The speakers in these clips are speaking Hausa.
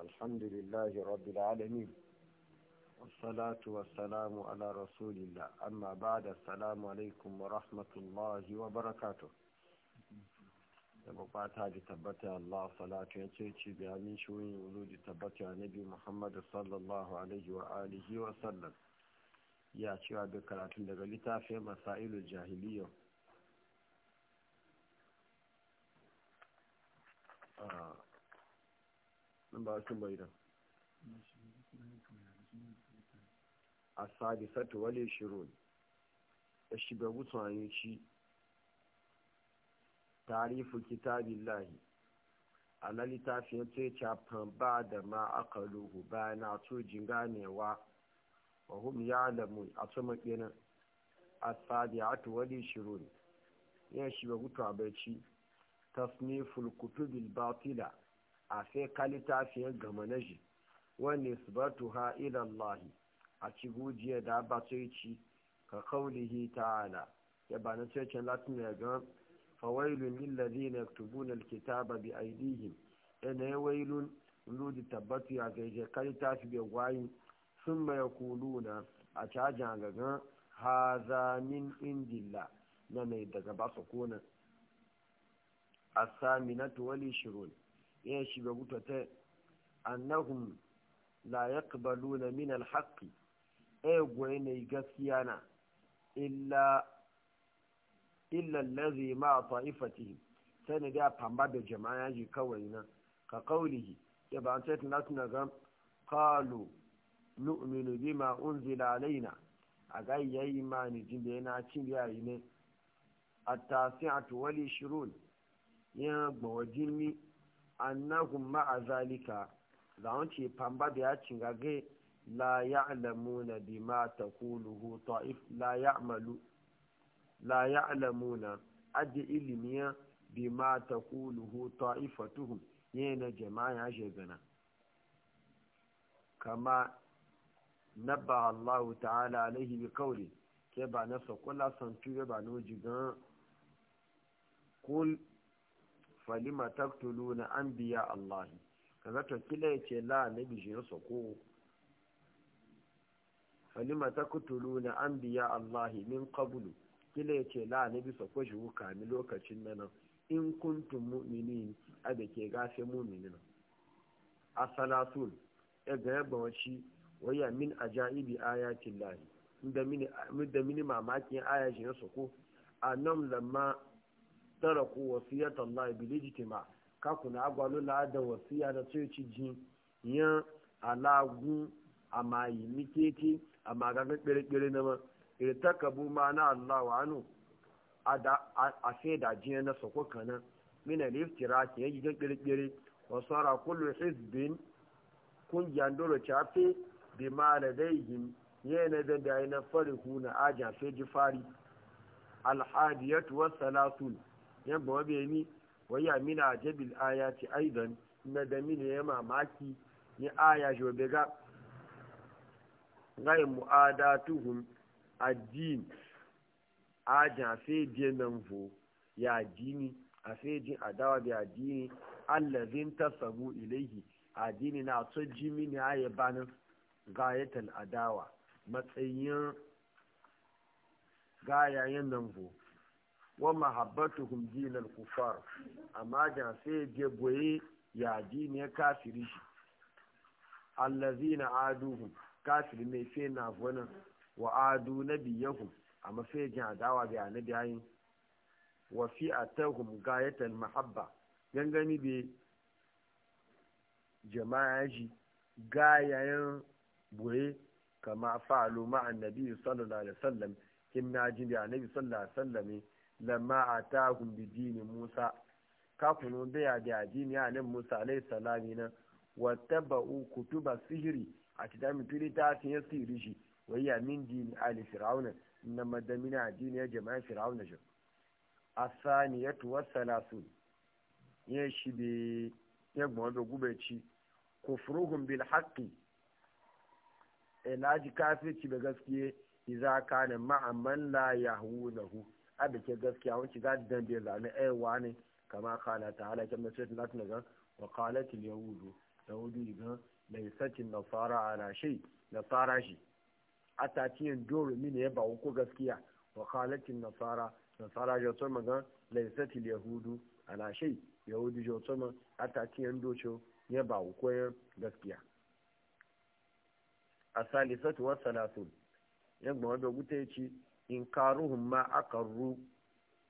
الحمد لله رب العالمين والصلاة والسلام على رسول الله أما بعد السلام عليكم ورحمة الله وبركاته gabata da tabbata Allah salatu yace ce bi amin shoyin wuzuji tabbata annabi Muhammad sallallahu alaihi wa alihi wa ya ce wa da daga littafin masailul jahiliyya ba sun bai da a sadisatu wale shirun da shiga wutsani shi tarifu kitabillahi a na littafin ce cafin ba da ma aka luhu bayan a tujin ganewa wa hum ya lamu a tsuma kenan a sadisatu wale shirun yin shiga wutu a bai ci tasniful kutubil batila a sai kalita fiye gama na shi wani subatu ha ilallahi a ci gujiya da ba ci ka kaulihi ta'ala ya ba na cecen latin ya ga fawailun lillazi na tubuna alkitaba bi aidihim yana ya wailun ludi tabbatu ya gaije kalita fi bai gwayi sun mai kuluna a cajan gagan haza min indilla na mai daga basa konan asaminatu wali shirin. ya shiga buta ta annahum la yaqbaluna min alhaq ay goye ne gaskiya na illa illa allazi ma ta'ifatihi sai ne da famba da jama'a ji kawai na ka kaulihi ya ba ta tana tana ga qalu nu'minu bima unzila alaina a ga yayi ni jin da yana cin yayi ne at-tasi'atu wal shirun ya gbawa jinni annahum ma'a zalika da wance famba da ya cingage la ya'lamuna bima taquluhu ta'if la ya'malu la ya'lamuna aje ilimiya bima taquluhu ta'ifatuhum yana jama'a ya shegana kama nabba Allah ta'ala alaihi bi kauli ke ba na sokola san tuwe ba no jigan kul falima an biya Allah kaga to kila ya ce la nabi shi so ko falima an biya Allah min kabulu kila ya ce la na bisa ko shi wuka ni lokacin nan in kuntun mu'mini a da ke gafe a asalatul ya ga yabba wace waya min ajaibi ayatin lahi inda mini mamakin ayashi ya soko a nan lamma taraku wasiyata Allah bi ijtima ka na agwalo la da wasiya na sai ci jin yan alagu a yi mikeke a ga kere-kere na ma irtakabu ma na Allah wa anu a sai da jin na sako kana min al iftira ke yi gan kere-kere wa sara kullu hizbin kun dole chafe bi ma ladaihim yana da da na farihu na aja sai ji fari alhadiyatu wasalatul yan bawa bai ni wa ya mina ajabil ayati aidan na da mini ya mamaki ni aya jo be ga ngai muadatuhum addin aja fe nan vo ya addini a fe jin adawa bi addini allazin tasabu ilaihi addini na so jimi ne aye banin gayatul adawa matsayin gayayen nan vo wa mahabbatuhum dinal kufar amma da sai je boye ya ya kafiri shi allazina aduhum kafiri mai sai na vona wa adu nabiyahum amma sai je adawa da annabi ayin wa fi atahum gayatal mahabba gangani bi jama'a ji gayayen boye kama fa'alu ma'an nabi sallallahu alaihi wasallam kin na jin da annabi sallallahu alaihi wasallam lamma a bi dini Musa kafunu biya da addini alim Musa alai salami na wattaba'u kutuba sihiri a cikin mituri ta sun yi sihiri shi wayya min dini ali fir'auna na madamina addini ya jama'a fir'auna shi asaniyatu wasalasu ya shi bi ya gbọ́n da gubeci kufruhum bil haqqi elaji kafirci da gaskiye idza kana ma'amman la yahunahu da ke gaskiya wani shiga dan bai zane wa ne kama kala ta ala kamar sai na tuna ga wa qalatil yahudu yahudu ga laisatin nasara ala A nasara shi atatiyin doro mini ya ba ko gaskiya wa qalatil nasara nasara ya so maga laisatil yahudu a shay yahudu ya so ma atatiyin docho ya ba ko gaskiya A salisatu wasu salatun yagba wanda wuta ya ci inkaruhum ma akarru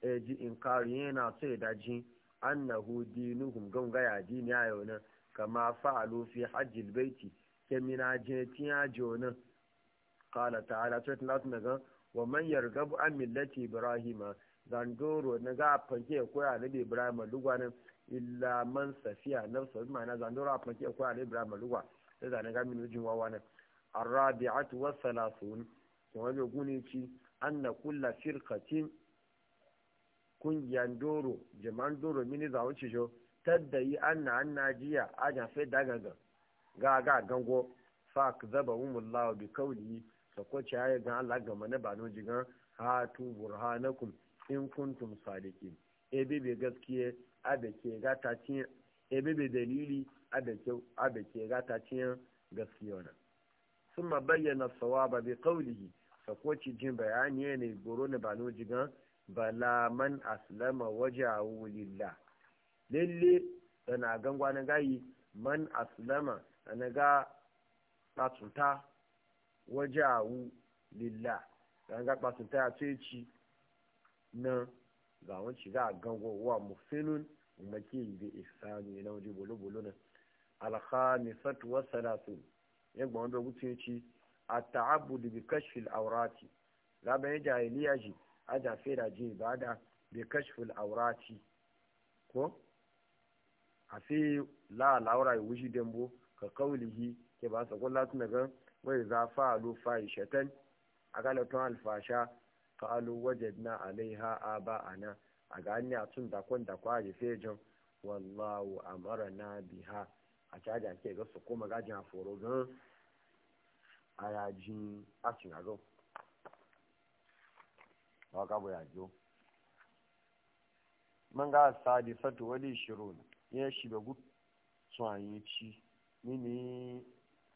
eh, ji inkaru yana so ya daji annahu dinuhum gan gaya dini a yau nan kama fa'alu fi hajjil baiti kemina je tiya jonan qala ta'ala sai tun latu ga wa man yargabu an millati ibrahima zandoro na ga fanke koya na ibrahima lugwanin illa man safiya na bi ma'ana zandoro a fanke koya na ibrahima lugwa sai zane ga min ujin wawa nan arabi'atu wa salasun kuma bai guni ci anna kulla firkatin kungiyar doro jama'an doro mini zawon cijo tadda yi anna an jiya ajan fai dagaga gaga gango fak zaba lawa bi kauli kwace ya ga Allah ga mana ba no jigan hatu burhanakum in kuntum sadiqin ebe be gaskiye abe ke gata cin ebe be dalili abe ke abe ke gata cin gaskiya wannan ثم بين bi بقوله sakoci jin bayani ya ne goro na ba no jigan bala man aslama wajahu lillah lalle dana gangwa na gayi man aslama na ga patsunta wajahu da na ga patsunta ya ce ci na ga wanci ga gango wa mufinun umake bi ihsani na waje bolo bolo na alkhamisatu wa salatun yagba wanda wuce ci at-ta'abbud bi kashfi al-awrati laban jahiliya ji aja fera ji ibada bi kashfi al-awrati ko a la laura yi wuji dembo ka kaulihi ke ba sa kullu tun daga wai za fa'alu fa'ishatan agalatun al-fasha qalu wajadna 'alayha aba'ana a ga a tun da kon da kwa ya fejin wallahu amara na biha a caja ke ga su kuma gajin foro gan a yajin ba ka bu yajo man ga sadi fatu wali shirun ya shi da gut tsoyi ci mini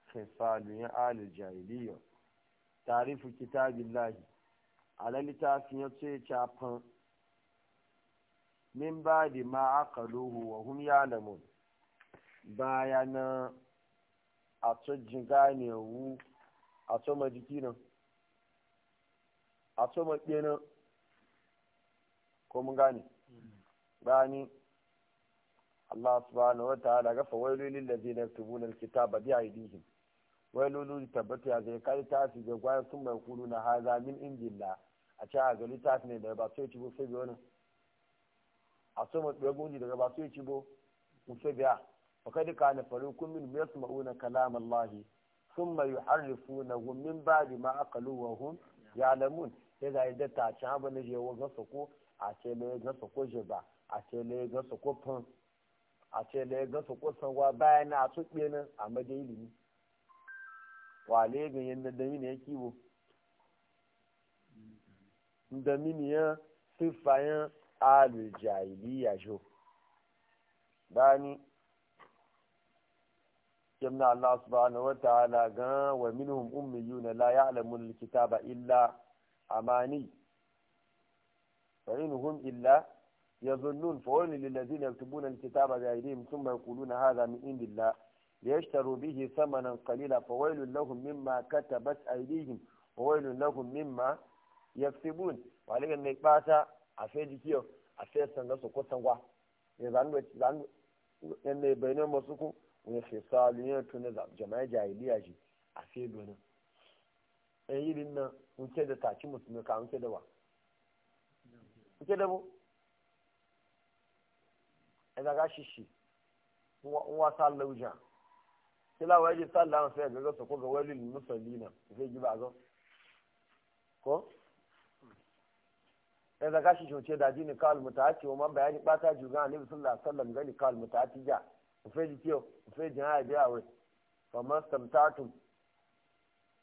khisalu ya al jahiliya tarifu kitabillahi ala litafin ya ce chafan min ba di ma aqaluhu wa hum ya'lamun bayana a tsojin ganewu a soma jiki nan a soma ɗena ko mun gane gani Allah subhanahu wa ta'ala gafa wailulil ladina yaktubuna alkitaba bi aydihim wailulu tabbata ya zai kai ta su ga gwayan sun mai kulu na haza min injilla a ce a gari ta ne da ba su ci bo sai biyo nan a soma da biyo gunji daga ba su ci bo mu sai biya fa kad kana farukun min yasma'una kalam Allah ثم يحرفونه من بعد ما أقلوا وهم يعلمون اذا إذا تعشان بنجي وغسقوا عشان يغسقوا جبا عشان يغسقوا بن عشان يغسقوا سنوا باينا عشان بينا أما جيلين وعليه يندمين يكيبوا ndaminiyan sifayen alujahiliya جو bani yamna Allah subhanahu wa ta'ala ga wa minhum ummiyun la ya'lamun alkitaba illa amani fa inhum illa yadhunnun fa wani lil ladina yaktubuna alkitaba bi aydihim thumma yaquluna hadha min indillah liyashtaru bihi thamanan qalila fa waylun lahum mimma katabat aydihim wa waylun lahum mimma yaktubun walaga ne bata a fe jikiyo a fe zan ku wani fisalu yana tuna jama'a jahiliya shi a sai donin ɗan yirin nan wuce da taki musulmi ka wuce da wa wuce da mu a zaga shi shi wa sallau jan kila wa yaji sallah sai ga gasa ko ga wali musallina zai ji ba zo ko a zaga shi shi wuce da jini kal mutaati wa man bayani bata juga annabi sallallahu alaihi wasallam gani kal mutaati ja òfé di kíọ òfé di hàn àbí àwẹ fàmà sàmtàtù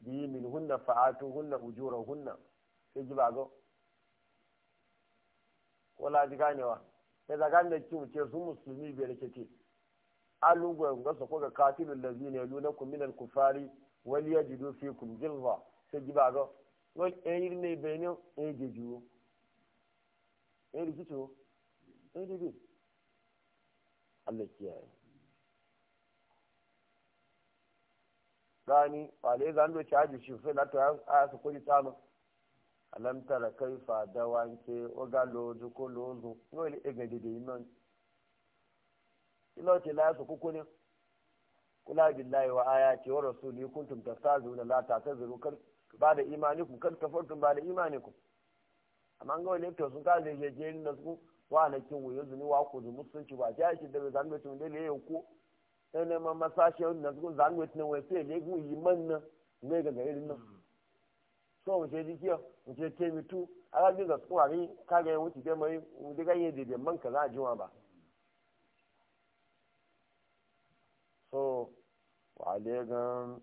bíi min hunna fàátù hunna ujúra hunna ṣé jí bàgọ. ko laji ganewa ya zaga da kin ce su musulmi biyar ke ce alungu ga su ko ga katilul lazina yalunakum minal kufari wal yajidu fikum jilwa sai giba ga wal ayir ne benin ejeju ayir kicho bi Allah kiyaye sani wale zan do caji shi fe lato a su kuri tsano alam tara kaifa da wanke oga lozu ko lozu no ile ega dede inon ilo ti la su kukuni kula billahi wa ayati wa rasuli kuntum tastazuna la ta'tazuru kar ba da imanikum kar kafartum ba da ku amma ga wani to sun ka da jejerin da su wa na kin wuyo zuni wa ku zu musulunci ba ja shi da zan do tun da ne ku ɗan ma masashe na zuwa zanwet na wai sai legu yi man na ne ga gari nan so mu ce jikiya mu ce ke mitu a ga ga suwa ri ka ga wuce ke mai mu diga yin dede man ka za a jiwa ba so wa le gan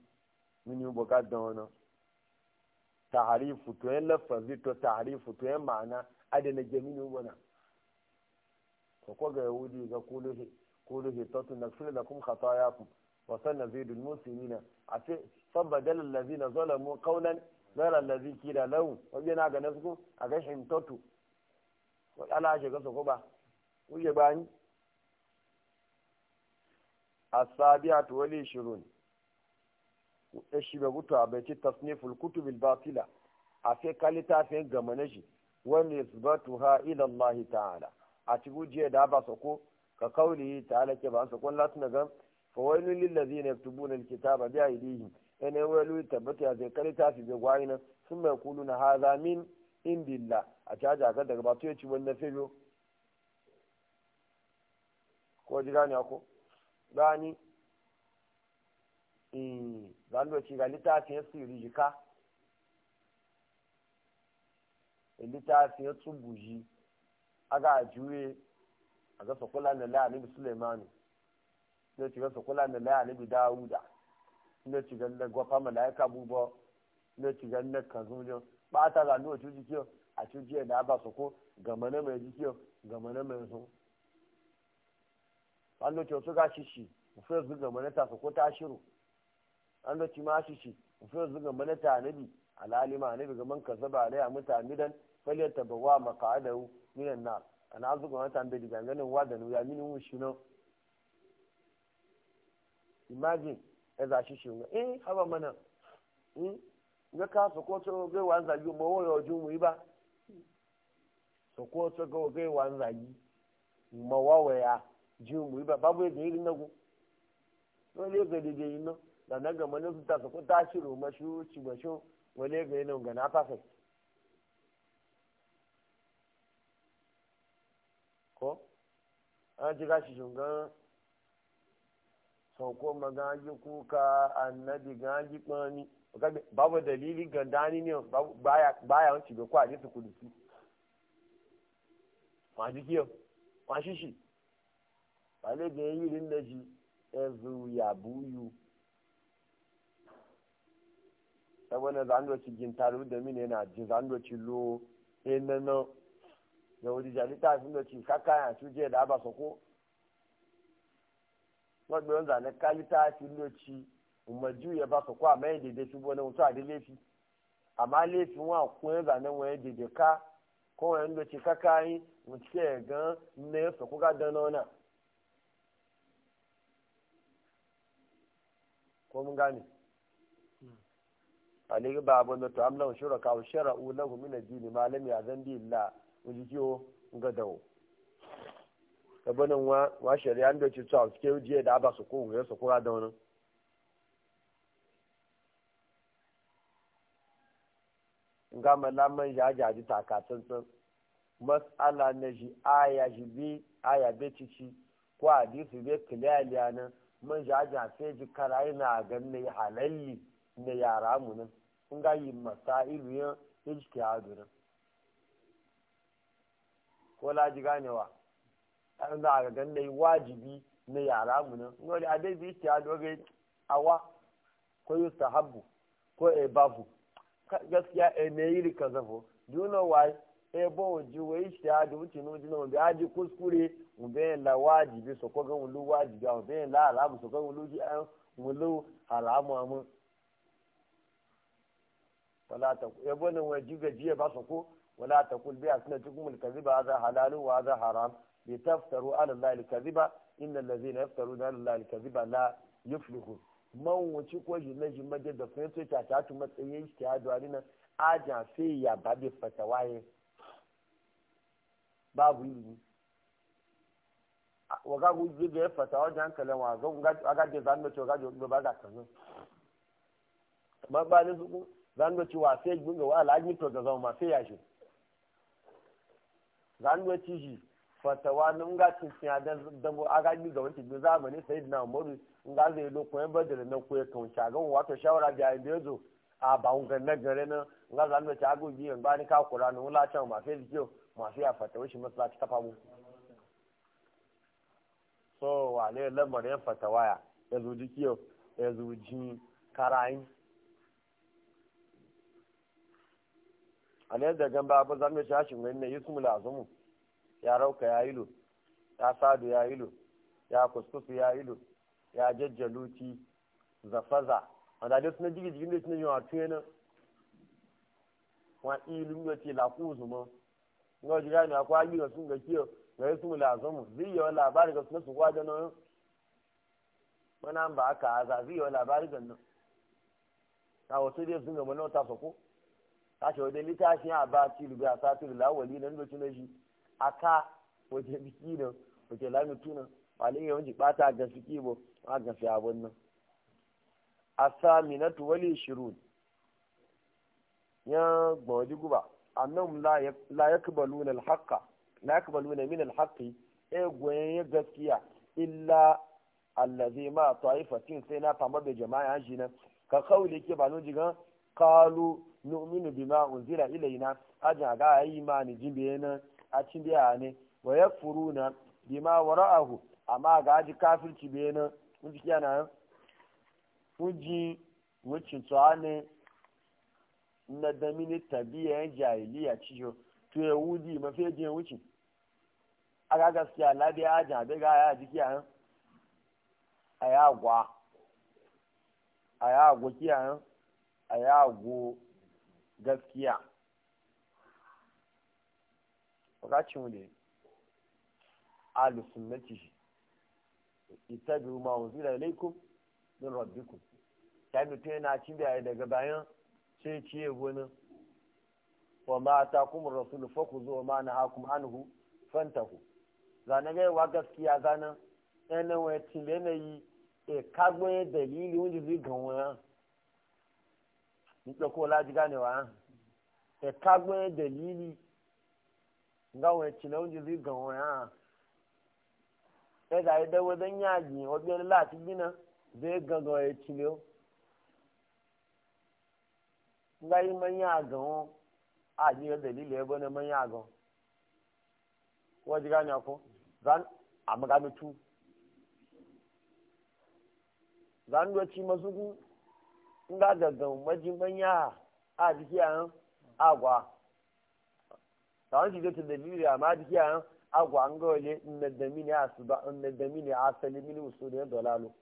mini boka da wannan taharifu to yan lafazi to taharifu to yan ma'ana adana jamini wannan ko ko ga yahudi ga kuluhi kulu hitatu nagfir lakum khatayakum wa sanazidul muslimin ace sabadal allazina zalamu qawlan gara allazi kila lahu wa bina ga nasku a ga hitatu wa ala ashe ga soko ba kuje bani asabiatu wali shurun ashiba gutu abaci tasniful kutubil batila a fe kali ta fe gamanashi wani isbatu ha ila allahi ta'ala a cikin jiya da ba ko. ka kauli ala ke ba su kun lati na fa fawailun lillazi na yaktubu na kitaba bi aidihim ene wailu tabbata zai kare ta fi bi gwayina sun mai kulu na haza min indilla a caja ga daga ba to yaci wannan fiyo ko ji gani ako gani in zan ci ga littafin sirri jika littafin buji aga juye aga ga kula na laya nabi sulaimanu ne ci ga kula na laya nabi dawuda ne ci ga na gwafa malaika bubo ne ci ga na kazuniyo ba ta ga no cuci kiyo a cuci da ba su ko gama na mai jikiyo gama na mai zo an lokaci wasu ga shishi mufiya zuga ta su ko ta shiru an lokaci ma shishi mufiya zuga manata nabi alalima nabi gaman ka zaba alai a mutane dan falyar tabawa maqadahu minan nar ana azuka wata tambe diga ganin wa da nuya mini mun shi nan imagine eza shi shi nga eh haba mana in hmm? ga ka to ga wan zagi mu wo yo ju mu ko to ga ga wa zagi mo wa wa ya ju mu ba babu ga gari na go le ga de yin nan da na ga mana su ta ko ta shi ma shu ci mashu wale ga yin ga na ta sai an ji gashi shugan sauko magaji kuka annabi gaji kwani babu dalili gandani ne baya wanci ga kwaje su kudusi ma ji kiyo ma shi shi wale ga yi rin da shi ezu ya buyu saboda zandoci gintaru da mini yana ji zandoci lo enano da wani jalita sun da ci kaka ya je da ba soko wadda yanzu zane kalita sun da ci umaju ya ba soko a mai daidai shi wani mutu a da laifi amma laifin wa ko zane na wani daidai ka ko wani da ci kaka yi mutu ke gan na ya ko ga dana na ko mun gane hmm. alayhi ba na to amna ushura ka shara'u ulahu min ad-din ma lam ya'zan bi wani ga dawo gabanin wa shari'a da ce cewa suke jiya da ba su ko ya su kura da wani ga malaman ya jaji takatsantsan matsala na ji aya ji bi aya be cici ko hadisi be kilaliya nan man ja ja sai ji karai na gan ne halalli ne yara mu nan kun ga yi yan ilki hadu nan wala ji ganewa an za a ga yi wajibi na yara mu nan ngoli a dai doge awa ko ko e babu gaskiya e me yiri kazafo do you know why e bo ji we aji kuskure mu la wajibi so ko ga wajibi o be la alamu so ولا تقول بألسنتكم الكذب هذا حلال وهذا حرام لتفتروا على الله الكذب إن الذين يفترون على الله الكذب لا يفلحون man wace ko jina jima da da ta ta tu matsayin shi ta duwani aja sai ya fatawaye babu yi wa ga fatawa da hankalin wa ga ga da zan mace ga da ba ga kan ma ba ne zuku zan mace wa sai gunga wa alaji to ga zama sai ya shi zanuwa ciji fatawa na nga cikin ya dambo aga ni ga wancin bin zamani sai na umaru nga zai lo koyan badar na ya kan shagan wato shawara da yayin da zo a ba na gare na nga zanuwa ka kura na wula can ma sai ma fatawa shi ya ya zo ya a ne da gamba ba zanuwa ci hashin wani yi su mu ya rauka ya yi lo ya sadu ya yi lo ya kuskusu ya yi lo ya jajjaluti zafaza wanda dai suna jigi jigin da suna yi wa tuye nan wa ilu ya ce laku zuma ga jiga ne akwai hali ga sun ga kiyo ga yi sumu lazamu zai yi wa labari ga suna su kwaje nan wani an ba aka aza zai yi wa labari ga nan a wasu dai sun gaba nauta sako ta ce wajen litashin a ba tilu ga sa tilu lawali nan da tunan shi aka waje biki nan waje lamitu nan malin yawanci bata ga fiki bo ma ga fi abun nan asaminatu wali shirun ya gbawaji guba annan la ya na alhaka la yakbaluna min alhaqi e goyen gaskiya illa allazi ma ta'ifatin sai na fama da jama'a shi nan ka kauli ke ba nuji gan kalu nu'minu bima unzila ilaina ajin ga ma ni jibe nan a cin biya ne wa ya furu na bima ahu amma ga aji kafirci bai nan mun ji kiyana mun ji wucin tsawa ne na damini tabiya jahiliya cijo to ya wudi mafi jin wucin a ga gaskiya labiya ajin abin ga ya ji kiyayen a ya gwa a ya gwa kiyayen a ya gwa gaskiya wakacin wule alusunnati ittabi'u ma unzila ilaykum min rabbikum sai mutum yana cin da daga bayan sai ciye wani wa ma ta kuma rasulu faku zuwa ma na hakum anhu fantahu zane ga wa gaskiya zanen ɗanen wa cin da yi e kagbo ya dalili wani zai gan wani ni ɗauko laji ganewa e kagbo ya dalili nga wọn ekyi na wọn di gan wọn hàn ẹdá yìí ọgbẹ ní láti gbiná bẹ gangan nga yìí mẹ nyà gan wọn a yìí yẹ dẹbi lẹ bọ ní mẹ zan amagami tu zan do nga a jìgí agwa. sawon shi zai dalili amma jiki a agwa an ga wale nadamini a su ba nadamini a asali mini usuli na dalalo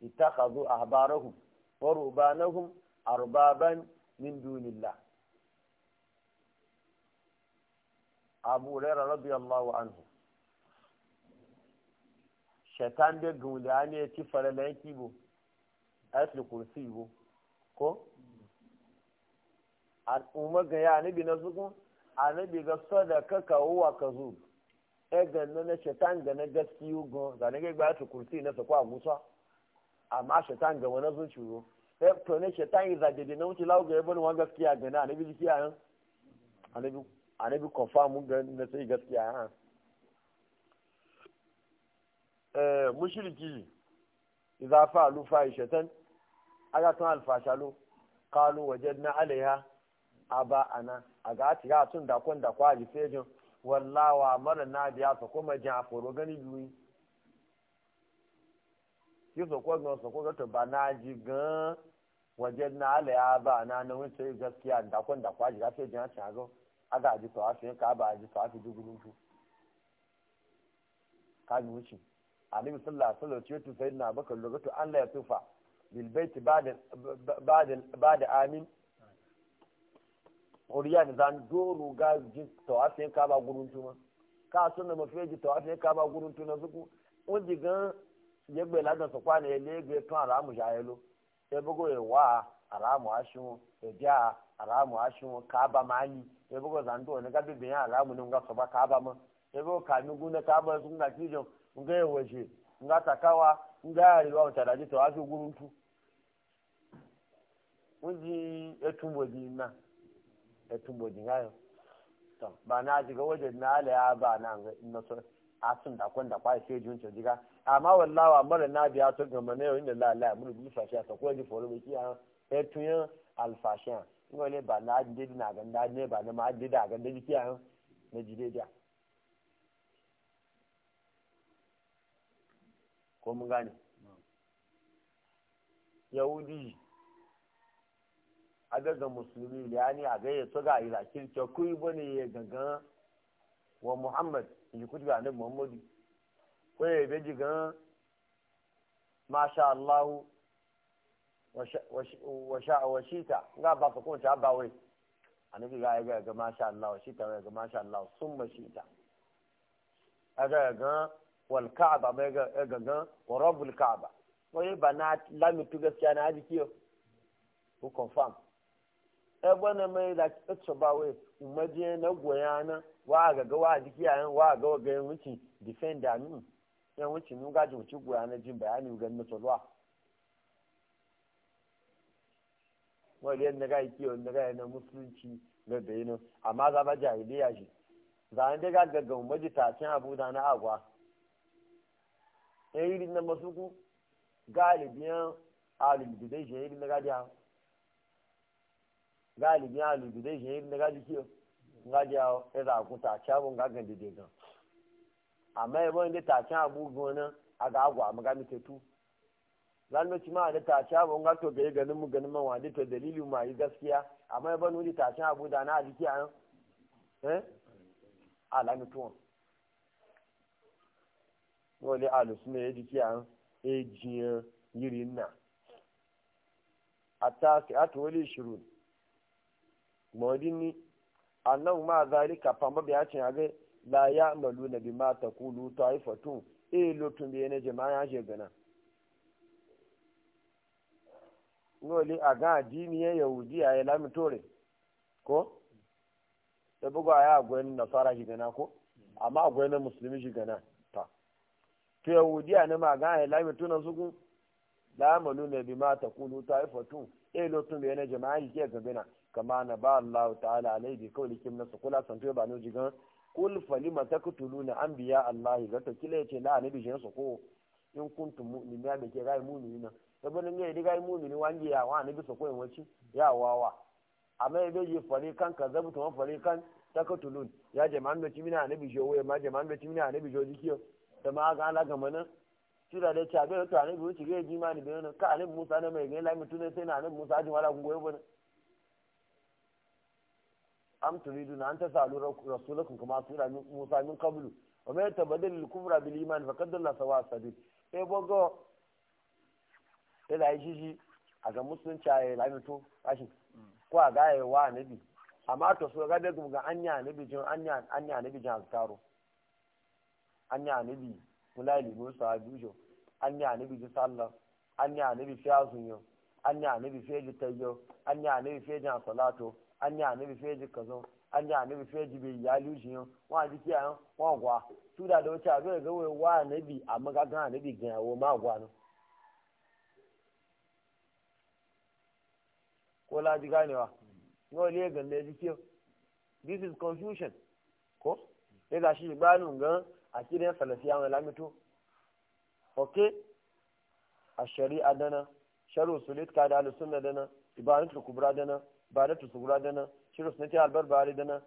ittakhadhu ahbarahum wa rubanahum arbaban min dunillah abu hurairah radiyallahu anhu shaitan da gula ne ci faralayen kibo asli kursi bo ko al'umma ga ya nabi na zugun anabi ga sadaka ka huwa kazub e ganna na shaitan ga na ke go da ne ga ta kursi na sakwa musa amma shaitan ga wani zuciyo e to ne shaitan yi zage na wuce lawo ga yabon wa gaskiya ga na annabi gaskiya yan annabi annabi confirm ga na sai gaskiya yan eh mushriki idza fa'alu fa'ishatan aga tan alfashalu qalu wajadna alaiha aba ana a ga ci ga tun da kun da kwaji fejin wallawa mara na biya su kuma jin a foro gani biyu yi so ko gan su ko ga ba na gan waje na ala ya ba na na wuce gaskiya da kun da kwaji ga fejin a can zo a ga ji sawa su ka ba ji sawa su dubu su ka bi wuce annabi sallallahu alaihi wasallam ce to sayyidina bakar lokacin Allah ya tufa bil baiti ba'da ba'da ba'da amin oriyan zan doro ga ji tawafin ka ba gurin tuma ka so na mafi ji tawafin ka ba gurin tuna zuku o ji gan ye gbe la dan so kwa ne le gbe kan ara mu ya lo e bugo e wa ara mu ashun e ja ara mu ashun ka ba mali e bugo zan do ne ga bi biya ara mu nga ga so ba ka ba ma e bugo ka mi gun ne ka ba na ga kijo nga e weje nga takawa nga ari wa ta da ji tawafin gurin tu o ji etu mo ji na ya tumbo jingayo to ba na diga wajen na ala ya ba na na so da kwa amma wallahi wa mara na biya to ga mane inda la la mun bi fashi ta ko ji foro biki ya ya ba na dide na ga ma da ga da biki ya na jide da ko aga ga ya yani a ga yato ga ila kirce kuyi bane ya gangan wa muhammad yi kuti ga annabi muhammadu ko ya be digan masha allahu wa sha wa shita ga ba ka kunta ba annabi ga ya ga masha allahu wa shita ga masha sun summa shita aga ga wal ka'ba mai ga gangan wa rabbul ka'ba ko ba na lamitu gaskiya na hadisi ko confirm ebe na mai da kitso ba wai umaje na goya na wa ga ga wa jiki a yan wa ga ga yan wuci defender ni yan wuci nu ga wuci goya na jin bayani ga na na ga na ga na musulunci amma za ba ya a ga ga umaje ta na agwa na di galibin alubi zai shi yadda gaji kiyo gaji a ira ku tace abun gagan dide gan amma yabo inda tace abu gona a ga agwa amma ga mitetu lalaci ma da abun ga to ganin mu ganin man wani ma yi gaskiya amma yabo ta tace abu da na aliki a eh alami tuwon wale alusu ne yi jiki a ejiyan yiri na a ta ke a mawdini annahu ma zalika fama bi yacin age la ya malu na bi ma ta kulu taifatu e na bi ne jama'a je gana ngoli aga addini ya ụdị a ya lami tore ko da bugu a ya fara nasara shi gana ko amma agwa na musulmi shi gana ta to yahudi a nema aga ya lami na suku la malu na bi ma ta kulu taifatu e lotun bi ne jama'a je gana kama na ba Allah ta'ala alaihi kawai likim na kula san ba no jigan kul falima taqtuluna anbiya Allah ga to kile yace la anabi jin su ko in kuntum mu'minina da ke gai mu'minina saboda ne da gai mu'mini wangi ya wa annabi su ko in wace ya wawa amma ya bai fali kan kazabu to fali kan taqtulun ya jama'an da cimina annabi jo waye ma jama'an da cimina annabi jo dikiyo da ma ga ala gama nan da cha bai to annabi wuce ga jimani bayan ka anabi Musa na mai ga lai mutune sai na anabi Musa ji wala gungoye bane am na an salu rasulakum kuma sura musa min qablu wa ma yatabaddal al-kufra bil iman qad dalla sawa sabil e eh, bogo e da yi shi a ga musulunci ya lami to ashi ko a ga wa nabi amma to so ga da ga anya nabi jin anya anya nabi jin azkaro anya annabi mulali musa dujo anya nabi ji sallah anya nabi fi azunyo anya nabi fi tayyo anya nabi fi jan salatu Anya yi anabi feji kazo an yi anabi feji bai ya lushi yau wa jiki a yan wa gwa su da da wace abin ga wai wa anabi a magagan anabi ga yawo ma gwa nan ko laji ganewa yau ne ga ne jiki this is confusion ko ya shi gbanin gan a kiran salafiya mai lamito okay a shari'a dana sharu sulit kada alusunna dana ibaratul kubra dana بارة صغرى دنا شرس نتی البر باري دنا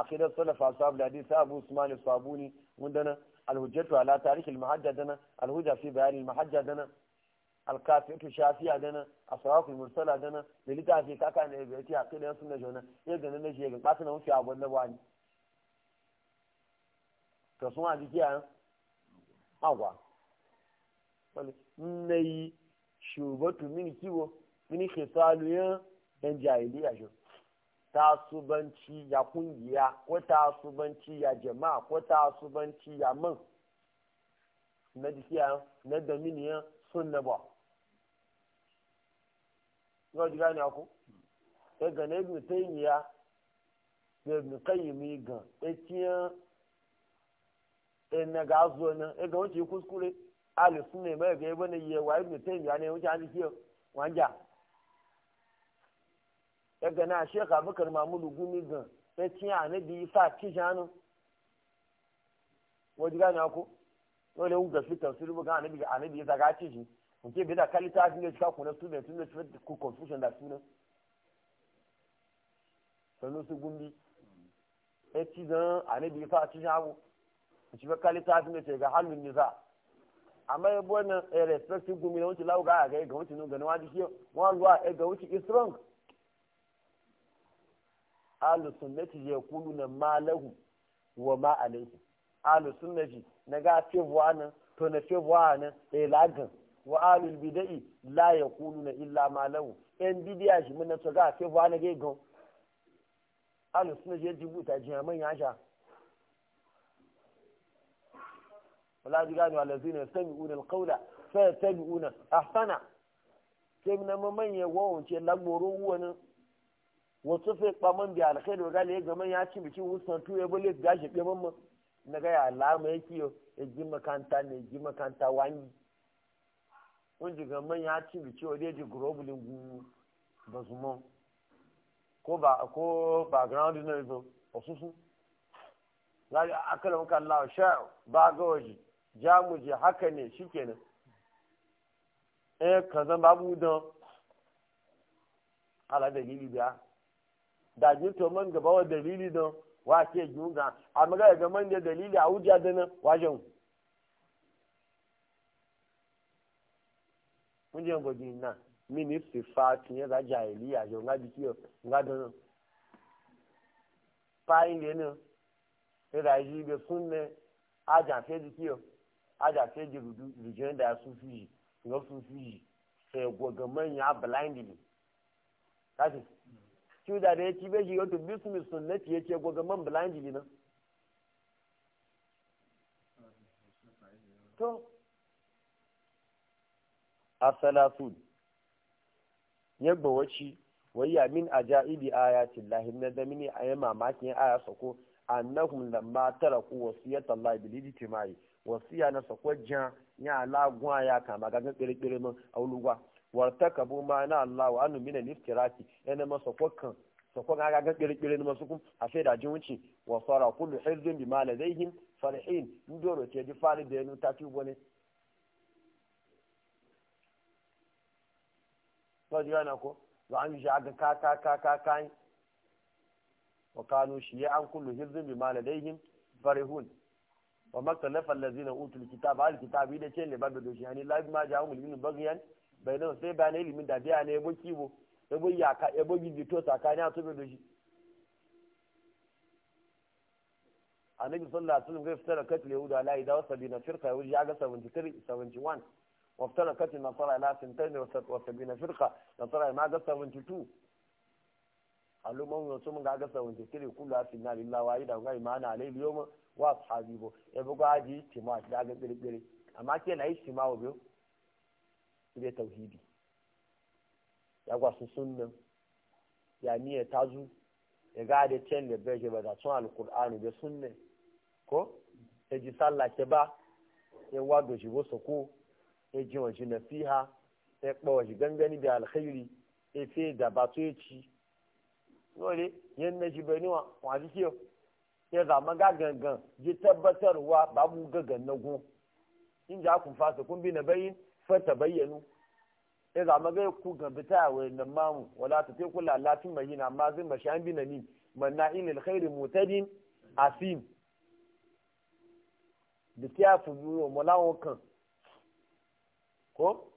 آخر السلف أصحاب الحديث أبو عثمان الصابوني وندنا الهجة على تاريخ المحجة دنا الهجة في بيان المحجة دنا الكافية الشافية دنا أسراف المرسلة دنا للي في كاكا نبيتي عقيدة يصنع جونا يجنا نجي يجنا قاتنا وفي عبود نبواني كرسوان عندي كيا أوا ولي ني شوبة من كيو من خصال يا yan jahiliya shi tasubanci ya kungiya ko tasubanci ya jama'a ko tasubanci ya man na jikiya na dominiyan sunna ba yau ji gane ku ya gane ibn taymiya da ibn qayyim ga etiyan en na gazo na e ga wuce kuskure ali ne mai ga ibn yawa ibn taymiya ne wuce an ji kiyo wanja daga na shekha bakar mamulu gumi gan sai tiya anabi yi sa ci shanu wajen gane ako dole wuga su tafsir bu ga anabi anabi isa ga ci shi kuke bi da kalita shi ne shika kuna student tun da shi ku confusion da suna sanu su gumbi e ci zan anabi ya sa ci shago ku ci ba kalita shi ne ce ga halin nisa amma ya na wannan a respective gumi na wuce lawo ga a ga ga wuce nun ganin wajen shi wọn luwa ga wuce is strong ahlu sunnati yaquluna ma lahu wa ma alayhi ahlu sunnati naga fewa nan to na fewa nan eh lagan wa ahlu bid'i la yaquluna illa ma lahu en bid'a shi mun to ga fewa na ga go ahlu sunnati ya jibuta jiyaman ya sha wala digani gani wa lazina yastami'una alqawla fa yattabi'una ahsana sai mun manya ce lagboro wani wasu fi fai kwaman bi alkhairu ga le gaman ya ci bikin wusan tuwe ya bule ga shi gaban mu na ga ya alama yake yo ya ji makanta ne ji makanta wani kun ji gaman ya ci biki wa ji globulin gu ba zuma ko ba ko background ne zo osusu zai akala muka Allah sha ba ga waje ja mu je haka ne shikenan eh kazan babu don ala dalili biya da ji man gaba wa dalili don wa ke juga a ga ga man da dalili a hujja da na wajen kun na mini fa ya da jahiliya jo nga dikiyo nga don ile no e da ji be sunne fe fe rudu da e gwa ga man ya blindly ki da da yake bai shiga to bismi sunnati yake goga man bulanji ne to asalasun yagba waci wayya min ajaibi ayatin lahi na da a yi mamakin aya sako annahum lamma taraku wasiyatan lahi bil ijtimai wasiya na sako jan ya lagwa kama ga kirkire mun wartaka bu ma na Allah wa anu minal iftiraki yana masa kokkan sakon aka ga kirkire na masu kun a sai da wuce wa fara kullu hirzin bi ma ladaihim farihin in doro ce ji fari da yanu ta fi wani to ji yana ko wa an ji aga ka ka ka ka ka wa kanu shi ya an kullu hirzin bi ma ladaihim farihun wa maktalafa allazina utul kitaba al kitabi da ce ne babu da doshi yani la ma ja'u min bagyan bai nan sai bayan ilimin da biya na yabon kibo yabon yaka yabo gigito tsakanin a tobe da shi annabi sallallahu alaihi wasallam gaftara katil yahuda la ida wasa bina firqa yahuda ya ga 73 71 waftara katil nasara la sintain wasa bina firqa nasara ma ga 72 alumman wasu mun ga ga 73 kullu asinna lillahi wa ida ga imana alayhi yawma wa ashabibo yabo gaji tima da ga gire gire amma ke na yi tima wa biyo bai tauhidi ya sunnan ya niya ta zu ya gada da can da bai ba da tun alkur'ani da sunne ko ya ji sallah ke ba ya wado shi wasu ko ya ji na fiha ya kpawa shi gangani da alkhairi ya fi da ba to ya ci dole yin na shi bani wa wajen ya zama ga ji tabbatarwa babu gagan na gun in ja kun fasa kun bi na bayin fata bayyanu ya zama ga ku gabita a wayannan mamu wala ta te kula mai bayyana amma zai mashi an bi na ni manna ilil khairi mutadin asim da ta fi zuwa mulawon kan ko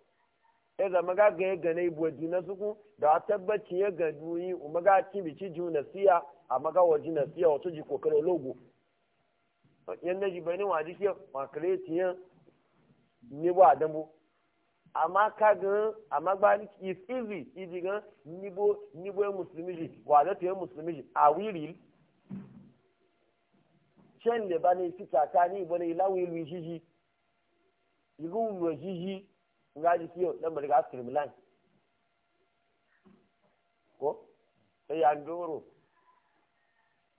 ya zama ga ga ya gane buwa juna suku da a tabbacin ya ga juyi umar ga cin bici juna siya a maga wa na siya wato ji kokarin logo yan na ji bai ni wa jike makare tiyan ni ba dambo amma ka gan amma ba ni is easy idi gan bo ni ya musulmi ji wa da ta musulmi ji a wiri chen le ba ni fita ka ni bo ni lawo ilu jiji igu lo jiji nga ji kiyo dan bari ga stream line ko sai ya ndoro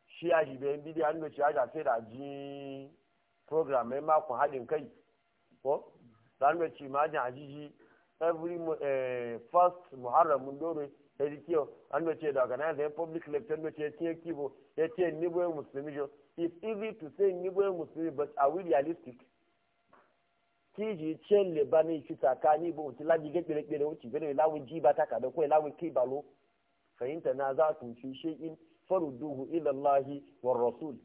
shi ya jibe bidi an do shi ya da sai da ji program mai makon haɗin kai ko ranar ci majin ajiji every eh, first muharram mun dore sai kiyo an da da organize a public lecture da ce ce kibo ya ce ni musulmi jo it's easy to say ni boye musulmi but are we realistic kiji ce le ba ni ki taka ni bo ti laji ge pere pere wuci bere lawo ji ba ka da ko lawo ki balo fahimta na za ku ci shay'in farudduhu ila Allah war rasul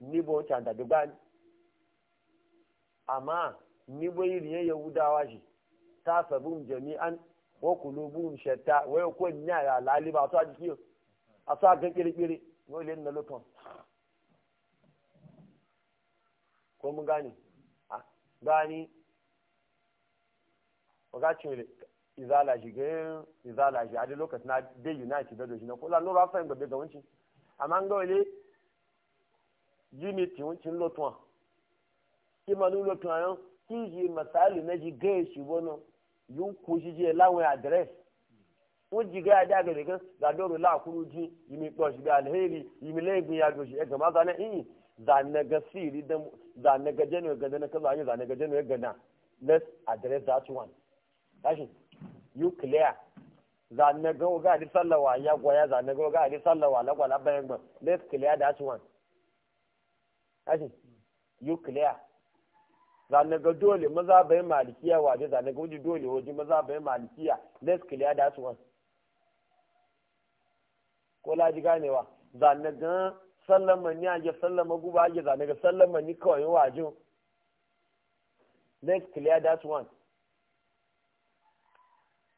ni bo ta da ban ni bai riye yahudawa shi ta sabun jami'an wa kulubun shatta wai ko nya ya laliba to a jiki a sa ga kirkire dole na luton ko mun gane a gani waga cire izala shi ga izala shi a duk lokacin na dai unite da Ko la, n'o ba fa ga ga wancin amma ga wale unity wancin lotuwa kimanin lotuwa yau tí yìí mẹsàálù méjì géèṣì wọnà yóò kó ṣíṣe láwọn àdírẹ́sì wọ́n jí gẹ́ ajá gẹ̀dẹ̀ kan gàdọ́rọ̀ láàkúrú jí yìí pọ̀ ṣùgbọ́n àlẹ́hẹ́rì yìí lé ìgbìyànjú ṣe ẹgbẹ̀rún máa zanẹ́ yìí zanaga siri dan zanaga jẹ́nu ayé zanaga jẹ́nu ẹ̀gẹ̀dẹ̀ that one. Tashi, gbọ̀n let's clear that one. Tashi, zane ga dole maza bai malikiya waje zane ga wuji dole waje maza bai malikiya let's clear that one su wani ko laji ganewa zane ga sallama ni aje sallama guba aje zane ga sallama ni kawai wajen let's clear that one.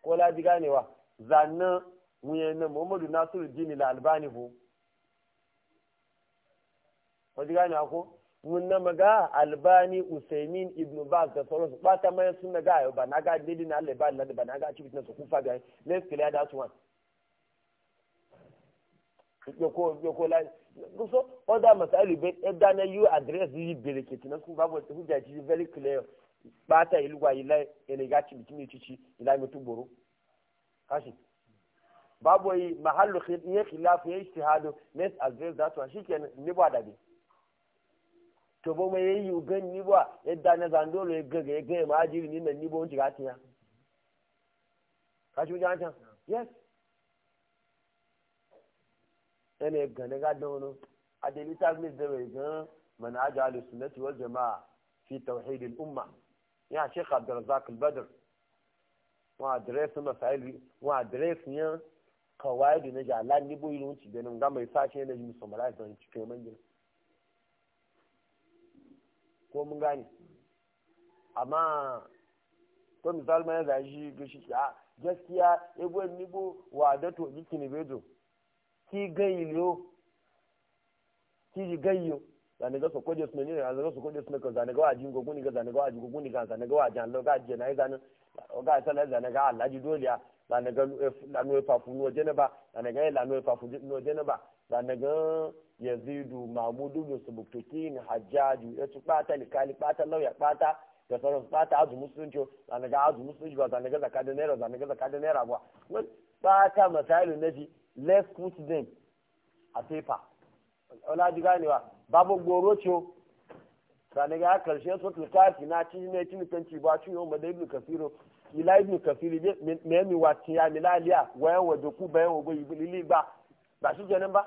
ko laji ganewa zane wuyen na muhammadu nasiru jini la albani ko laji ganewa ko na maga albani usaimin ibn baz da su bata mai sun na ga ba na ga didi na alba na da ba na ga ci bitin su kufa ga ne skila da su wan yo ko yo ko la so oda masalu be eh, da na you address yi bereketi na ku babu hujja ji very clear bata ilwa ila ene ga ci bitin ci ila mutu boro kashi babu yi eh, mahallu khilaf ya ijtihadu let's address that one shikenan ne ba da bi to bo ma yayi ugan ni ba yadda na zando lo gaga ya ga ma ajiri ni nan ni bo unti gatiya ka shi jan can yes ene gane ga de ni ta mi da we gan man ajalu sunnati wal jamaa fi tawhid al umma ya sheikh abdurrazzaq al badr wa adres masail wa adres ne kawai da na jalan ni bo yi lunci da nan ga mai sace ne mu a don cikin manyan ko mun gane amma ko misali mai zai shi ga shi a ah, gaskiya ebo nibo wa da to jiki ne bezo ki gayilo ki gayyo ne ga soko jesu ne ne ga soko jesu ne ko zane ga wajin gogo ni ga zane ga wajin gogo ni ga zane ga wajin lo ga je na zane ga sala zane ga alaji doliya zane ga lanu efafu no jeneba zane ga lanu efafu no ba. sanaga yazidu mamudu da subuktukin hajjaju ya ci ɓata likali ɓata lauya ɓata da sauran ɓata azu musulunci sanaga azu musulunci ba sanaga zaka da naira sanaga zaka da naira ba wani ɓata masailun na ji let's put them a paper olaji ganewa babu goro ciwo sanaga ya karshe su tulkafi na ci ne ci mutunci ba ci yau madai ibn kafiro ila ibn kafiri me mi wa tiya milaliya wayan wa doku bayan wa goyi ba shi kenan ba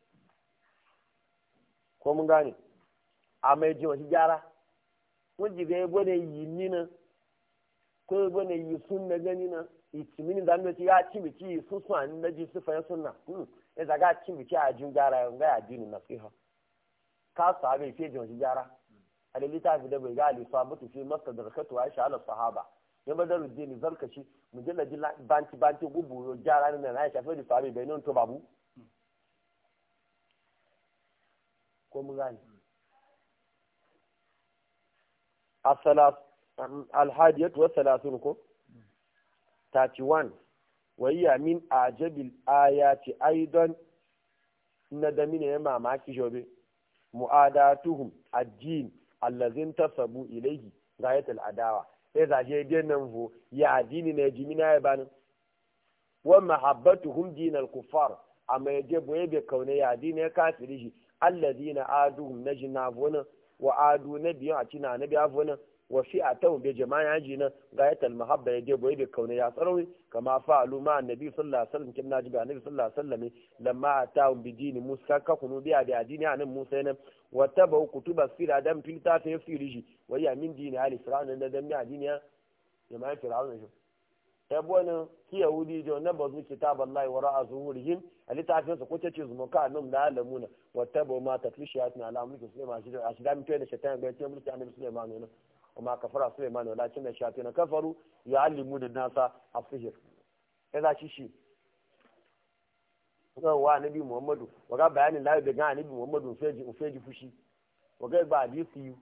ko mun gane a mai ji wasu gyara mun ji gaya ya gwada yi ni nan ko ya gwada yi sun na gani nan iti mini da nuna ya ci biki sun sun an na ji sufa ya sunna hmm, ya zaga ci biki a jin gyara ya ga ya dini na siha ka su abin fiye ji wasu gyara a da littafi da bai ga alisa mutu fi masta da rakatu a sha'ala sahaba ya badar dini zarkashi mujallar banti banti gubu gyara ne na ya shafi da sabi bai nuna to babu. ko mu gane alhadiyatu wa salatun ko 31 wayya min ajabil ayati aidan na da mine ya mamaki jobe mu'adatuhum ajin allazin tasabu ilayhi ghayatul al'adawa sai zaje den nan ho ya addini ne jimina ya bani wa mahabbatuhum dinal kuffar amma je boye be kaune ya addini ya kafiri na aduhum najna wani wa adu na biyu a cina na biya wani wa fi a tamu bai jama'a ya ji nan ga ya ya boye bai kauna ya tsarawi kama fa ma annabi sallallahu alaihi wasallam kin naji ga annabi sallallahu alaihi wasallam lamma atahu bi dini musa ka kunu biya da addini anan musa ne wa tabu kutuba sira dan filta ta yafiriji wa ya min dini ali fir'aun da dan addini ya jama'a fir'aun yabon ki yahudi jo na bazu kitab Allah wa ra'a zuhurihim a littafin su kuce ce zumuka annum da alamuna wa bo ma shi shayatin ala mulki sulaiman shi a shiga mito da shaitan ga ce mulki annabi sulaiman ne ma kafara sulaiman walakin na kafaru da nasa as ya za shi shi ga wa annabi muhammadu wa ga bayanin la da ga annabi muhammadu feji feji fushi wa ga ba hadisi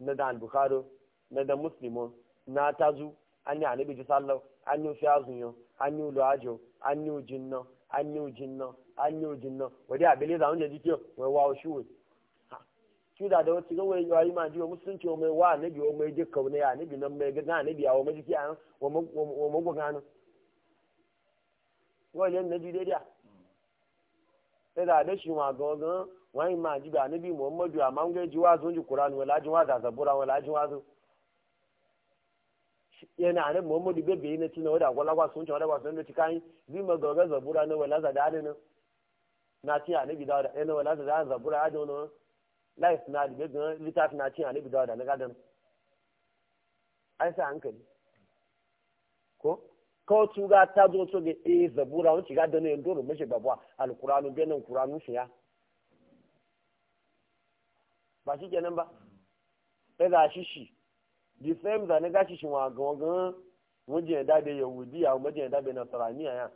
na da al-bukhari na da muslimun na tazu an yi anibi ji sallau an yi fiyazu an yi luwajo an yi jinnan an yi jinnan an yi jinnan wadda ya bele zaun jaji ke wai wa shi wai shi da da wata gawai yawa yi maji wa musulunci wa mai wa anabi wa mai dukka wani ya anabi nan mai gaza anabi a wa mai jiki a wa magwaganin wani yan naji daidai sai da da shi ma gawagan wani maji da anabi muhammadu a mangaji wazo ji kuranu wala ji wazo zabura wala ji wazo yana nan muhammadu bai bai na cina da gwalagwa sun ce wadda wasu da cikayi zai ma zabura na wala za da nan na ci a nabi na wala za da zabura adon nan life na da bai na ci a nabi na gadon ai sa hankali ko ko tuga ta zo to ga e zabura wani shiga da ne doro mashi babuwa alkuranu bai nan shi ya ba shi kenan ba shi the same da na gashi shin wa gangan wajen ya dabe yahudiya wajen ya dabe nasaraniya ya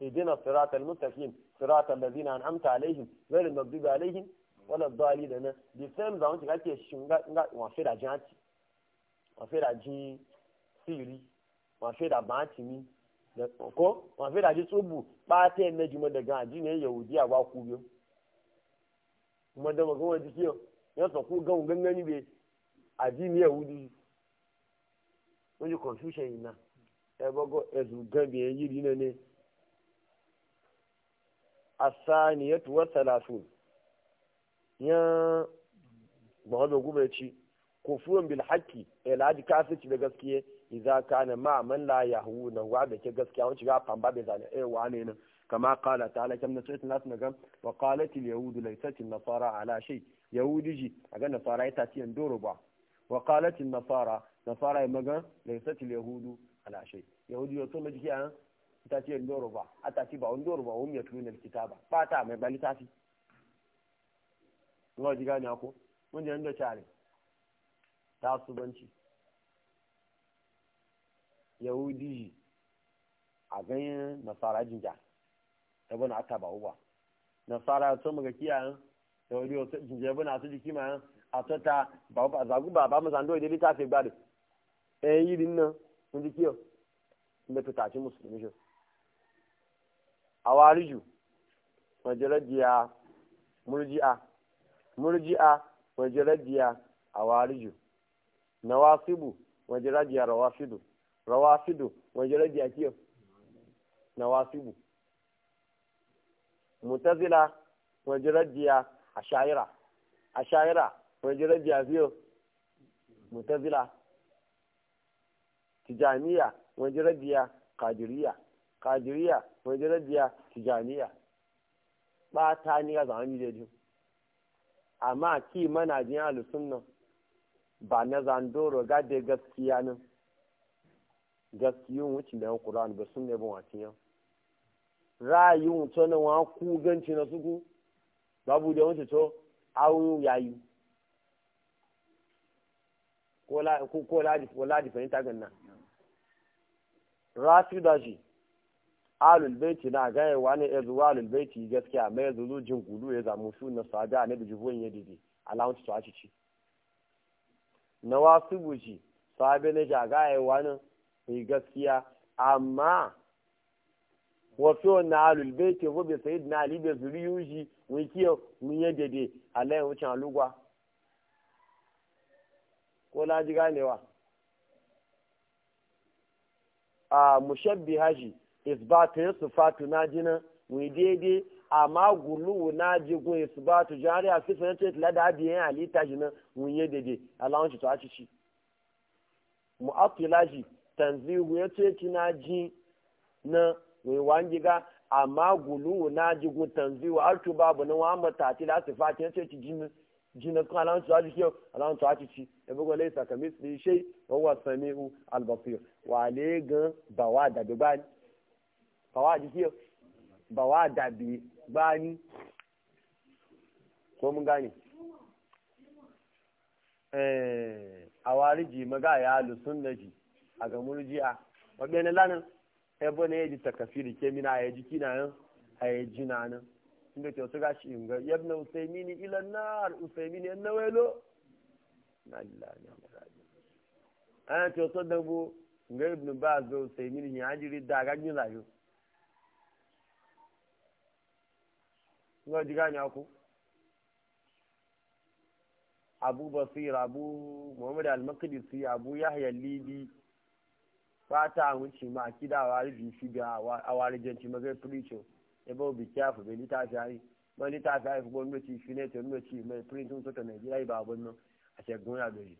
idina sirata almustaqim sirata allazina an'amta alaihim ghayr al-maghdubi alaihim wala ad-dallin na the same da wajen kake shin ga ga wa fe da jati wa fe da ji siri wa fe da batini da ko wa fe da ji tsubu ba ta yin najima daga ajin yahudiya ba ku biyo kuma da magawa jikiyo ya saku gan gangani bai àdínní ẹ̀wúdí wọ́n yóò confusion yìí náà ẹ bọ́gọ́ ẹ̀sùn gẹ́gẹ́ yẹn yìí nínú ní asaniyatu ya salafun yan gbọ́dọ̀ gúbẹ̀ ci ko fuwan bil haqqi ilaji kafirci da gaskiya idza kana ma man la yahuna wa da ke gaskiya wani shiga famba bai zane eh wa ne nan kama kala ta'ala kam nasaitu nas na gam wa qalat al yahud laysat an nasara ala shay yahudiji aga nasara ita ce doro ba wa qalatin nasara nasara ya maga laysat al yahudu ala shay yahudu yo to ma jiki an ta ce ndoro ba ata ci ba ndoro ba um yatluna al kitaba ba ta mai bali tafi ruwa ji gane ko mun je inda tare ta subanci yahudi a ganyen nasara jinja ta bana ata ba uwa nasara to maga kiyayen yahudi yo jinja bana su jiki ma atota zagu baba masa ndo ile ta fi gbare eh yiri nan mun ji kiyo inda to tashi musulmi jo awariju majarajiya murji'a murji'a majarajiya awariju nawasibu majarajiya rawasidu rawasidu majarajiya kiyo nawasibu mutazila majarajiya ashaira ashaira wajira jafiyo mutazila tijaniya wajira biya kajiriya kajiriya wajira biya tijaniya ba ta ni ga zamani da ju amma ki mana jin alusun nan ba na zandoro ga da gaskiya nan gaskiyun wucin da yan Qur'an ba sun ne bin wacin yau ra'ayin wuce na wa ku ganci na suku babu da wuce to awu yayi ko laji fahimta ganna rafi da shi alul baiti na gaya wani ya zuwa alul baiti gaskiya mai zuzu jin gudu ya zamu su na sada na da buwan ya dide alamun su aci ci na wasu buji sabi na ja gaya wani mai gaskiya amma wato na alul baiti ko bai sayid na ali bai zuri yuji mun kiyo mun ya dide alayin wucin alugwa ko ji ganewa a mushabbi haji ya sufatu na jina wai daidai ma gulu na ji gun isbatu jari a fi sanar lada da abiyan halitta ji na wunye daidai alawun shi to a cici mu'attila shi tanzihu ya ce na ji na wai a ma gulu na ji gun tanzihu artu babu na wa mata tila sifatin ya ce ji na jinan kan alawan tuwa jiki alawan tuwa cici ya e bugu lai sakamis ne shai sami sami'u albasir wa ale gan bawa dabi bani bawa jiki bawa dabi bani ko mun gane eh, a ji maga ya lusun na ji a ga murji'a waɗanda lanin ebe ne ya ji takafiri ke mina a ya ji kina a ya ji na nan inda ke wasu gashi in ga yabna usaimini ilan nar usaimini yan nawailo na lillahi na murabi an ce da dabo ga ibn baz zo usaimini ya jiri da ni layo ga ji gani ku abu basir abu muhammad al-maqdisi abu yahya libi fata wuce ma kidawa rubi shi ga awarijanci magai preacher ebe obi kyafu bai littafi hari ma ti hari kuma ndoci ti me mai printin suka najeriya yi babun nan a gun ya gari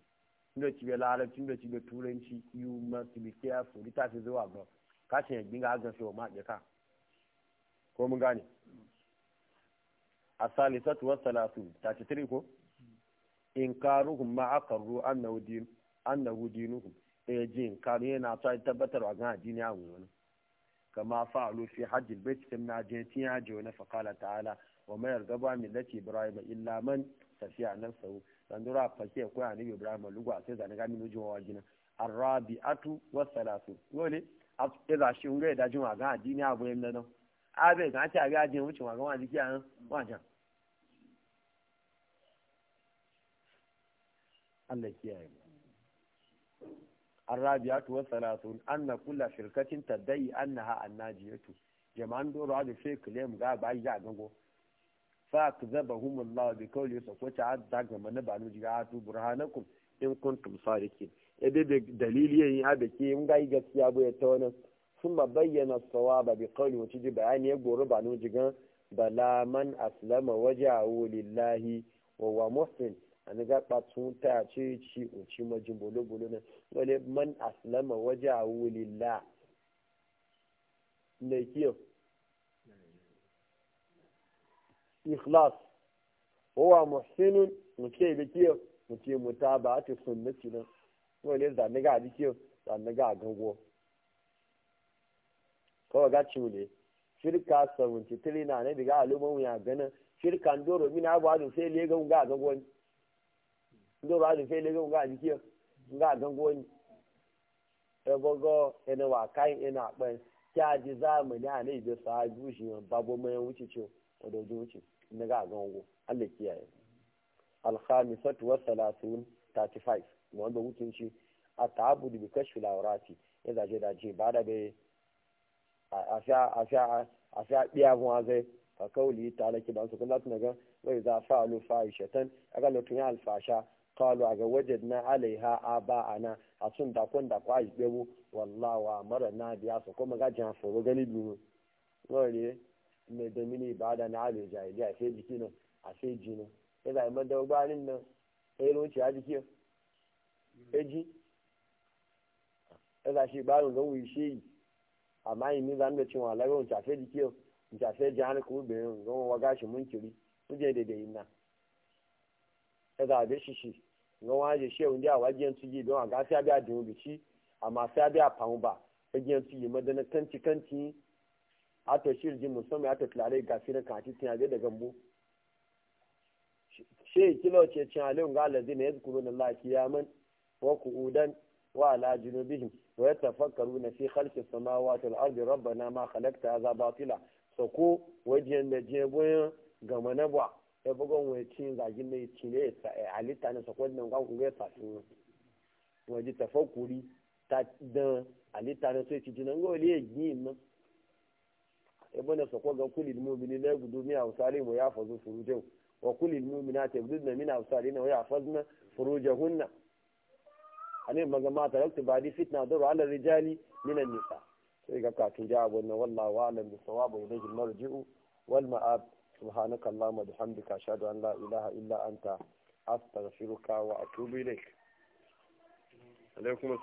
ndoci bai larabci ndoci bai turanci you must be careful littafi zuwa ka se gbin ga agan fi ma maɗe ka ko mun gane asali satu wasu salatu ta ci tiri ko in karuhun ma'akarru annahu dinuhun e jin karu yana ta tabbatar a gan addini a wani kama fa'alu fi hajjil bait kim na je tin ya je wani faqala ta'ala wa ma yargaba millati ibrahim illa man safiya nafsahu dan dura fake ko annabi ibrahim lugwa sai zan ga minu jowa gina arabi'atu wa salatu wole a ila shi unga da jin ga addini abu yin nan abe ga ta ga jin wucin wa ga wani kiyan wajen Allah kiyaye mu arrabiyatu wasalasun anna kulla shirkatin tadai annaha annajiyatu jama'an doro da sai claim ga ba ya gango fa kadzabahum Allah bi qawli sa ko ta adda ga man ba nu jiga tu burhanakum in kuntum sadiqin ebe be dalili yayin abe ke in ga gaskiya bo ya ta wannan summa bayyana sawaba bi qawli wa tiji bayani ya goro ba nu jiga bala man aslama wajahu lillahi wa wa muhsin ani ga tun ta ce ci ma majin bolo-bolo ne wale man aslama waje a wulila na kiyo ikhlas huwa muhsinun muke da kiyo muke mutaba ba sunnati ne wale zane ga da kiyo zane ga gango ko ga ci wule shirka 73 na ne daga alumun ya gana. shirkan doro mina abu adu sai lega ga gangon ndo ba da fele ga jiki ga ga go ni e go bogo ene wa kai ina e ban kya ji zamani a ne da sa ju shi gushi babu mai wuce do da wuce ne ga ga go gango Allah e al khamisat wa 30 35 wanda wucin shi a ta'abudu bi kashfi lawrati ya je da ce ba da be a sha a sha a sha biya mu azai ka kauli ta laki ban su kullu tunaga wai za fa'alu fa'ishatan aga lutun al-fasha kalu aga ga wajen na alaiha a ba ana na a sun dakon da kwa ji bewu wallawa mara na biya su kuma gajin foro gani biyu lori mai domini na alai jahiliya a sai jiki nan a sai ji nan ya zai man da gbanin nan ya ta zaɓe shi shi ga waje shi wanda a wajen tuji don a gasa biya da rubuci amma sa biya famu ba wajen tuji madana kanci kanci a to shi jin musamman a to tilare ga fi na kanci tana da gambo shi kilo ce cin halin ga alazi na yanzu na laki ya man wa ku'udan wa ala junubihim wa yatafakkaruna fi khalqi samawati wal ardi rabbana ma khalaqta hadha sako wajen da je boyan ga manabwa ya bugon wani cin zagin mai cire halitta na sakon nan kan kunga ya fasu waje tafakuri ta dan halitta na sai cikin nan gawali ya yi nan ya bane sako ga kulil mumini na gudu min hausari mu ya fazu furujau wa kulil mumina ta gudu na min hausari na ya fazu na furujahunna anin maga mata rakta ba di fitna duru ala rijali minan nisa sai ga katun jawabin na wallahu alam bisawabu ilayhi marji'u wal ma'ab subhanaka allahumma bihamdika ashhadu an la ilaha illa anta astaghfiruka wa atubu ilaik alaikum